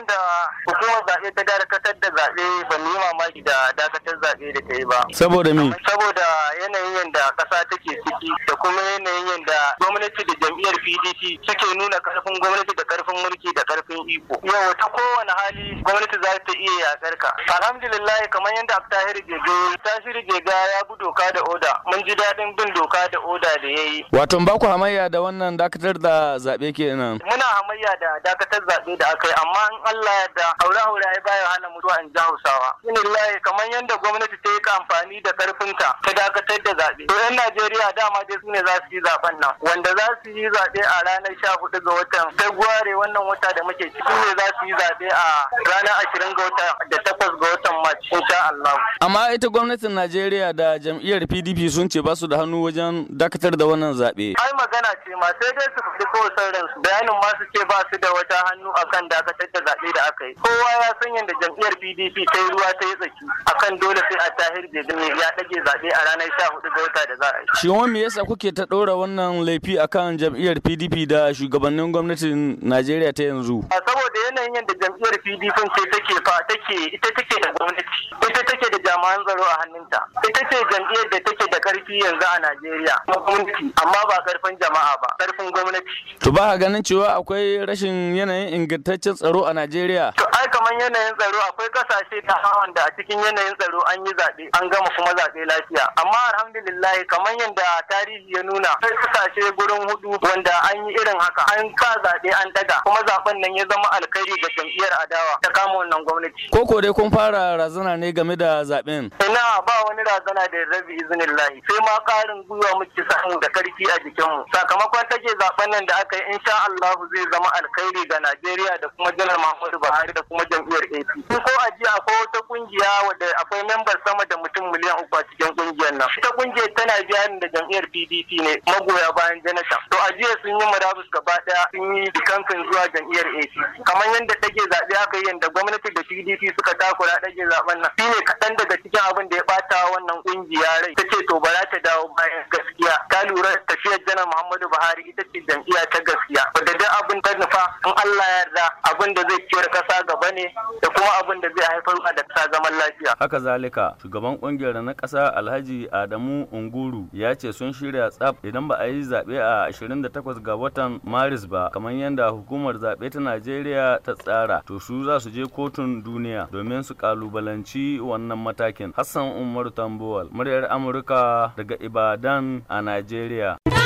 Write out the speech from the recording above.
da hukumar zaɓe ta dakatar da zaɓe ban yi mamaki da dakatar zaɓe da ta yi ba. Saboda me? Saboda yanayin yadda ƙasa take ciki da kuma yanayin yadda gwamnati da jam'iyyar PDP suke nuna ƙarfin gwamnati da ƙarfin mulki da ƙarfin iko. Yau ta kowane hali gwamnati za ta iya yaƙar ka. Alhamdulillah kamar yadda Tahir Gege Tahir jega ya bi doka da oda. Mun ji daɗin bin doka da oda da ya yi. Wato ba ku hamayya da wannan dakatar da zaɓe kenan. Muna hamayya da dakatar zaɓe da aka yi amma in Allah ya da haura-haura ya baya hana mutuwa in ji Hausawa. Inillahi kamar yadda gwamnati ta yi amfani da ƙarfinta ta dakatar Gracias. zaɓe. To 'yan Najeriya dama dai su ne za su yi zaɓen nan. Wanda za su yi zaɓe a ranar sha hudu ga watan Februare wannan wata da muke ciki ne za su yi zaɓe a ranar ashirin ga wata da takwas ga watan Mac insha Allah. Amma ita gwamnatin Najeriya da jam'iyyar PDP sun ce ba su da hannu wajen dakatar da wannan zaɓe. Ai magana ce ma sai dai su fi ko sauransu bayanin ma su ce ba su da wata hannu akan dakatar da zaɓe da aka yi. Kowa ya san yadda jam'iyyar PDP ta yi ruwa ta yi tsaki akan dole sai a tahir da ya ɗage zaɓe a ranar sha hudu gauta da za a yi. Shi me yasa kuke ta ɗora wannan laifi akan jam'iyyar PDP da shugabannin gwamnatin Najeriya ta yanzu? jam'iyyar pdp ce take fa take ita take da gwamnati ita take da jami'an tsaro a hannunta ita ce jam'iyyar da take da karfi yanzu a najeriya gwamnati amma ba karfin jama'a ba karfin gwamnati to ba ganin cewa akwai rashin yanayin ingantaccen tsaro a najeriya to ai kamar yanayin tsaro akwai kasashe da hawan da a cikin yanayin tsaro an yi zaɓe an gama kuma zaɓe lafiya amma alhamdulillah kamar yanda tarihi ya nuna akwai kasashe gurin hudu wanda an yi irin haka an ka zaɓe an daga kuma zaɓen nan ya zama alkhairi ga jam'iyyar jam'iyyar adawa ta kama wannan gwamnati. Ko dai kun fara razana ne game da zaɓen. Ina ba wani razana da ya rabi izinin lahi sai ma karin gwiwa muke samu da karfi a jikinmu. Sakamakon take zaɓen nan da aka yi insha Allahu zai zama alkhairi ga Najeriya da kuma janar Muhammadu Buhari da kuma jam'iyyar AP. Ko a jiya akwai wata kungiya wadda akwai membar sama da mutum miliyan uku a cikin biya ni da jam'iyyar PDP ne magoya bayan janata. To a jiya sun yi murabus gaba daya sun yi kamfen zuwa jam'iyyar ac Kamar yadda dage zaɓe aka yi yadda gwamnati da PDP suka takura dage zaɓen nan. Shine kaɗan daga cikin abin da ya ɓata wannan ƙungiya rai. Ta ce to ba za ta dawo bayan gaskiya. Ta lura tafiyar janar Muhammadu Buhari ita ce jam'iyya ta gaskiya. Wadda duk abin ta nufa in Allah ya yarda abin da zai ciyar kasa gaba ne da kuma abin da zai haifar da kasa zaman lafiya. Haka zalika shugaban kungiyar na kasa Alhaji Adamu Unguru ya ce sun shirya tsaf idan ba a yi zaɓe a 28 ga watan Maris ba kamar yadda hukumar zaɓe ta Najeriya ta tsara to su za su je kotun duniya domin su kalubalanci wannan matakin. Hassan Umaru Tambuwal muryar Amurka daga Ibadan a Najeriya.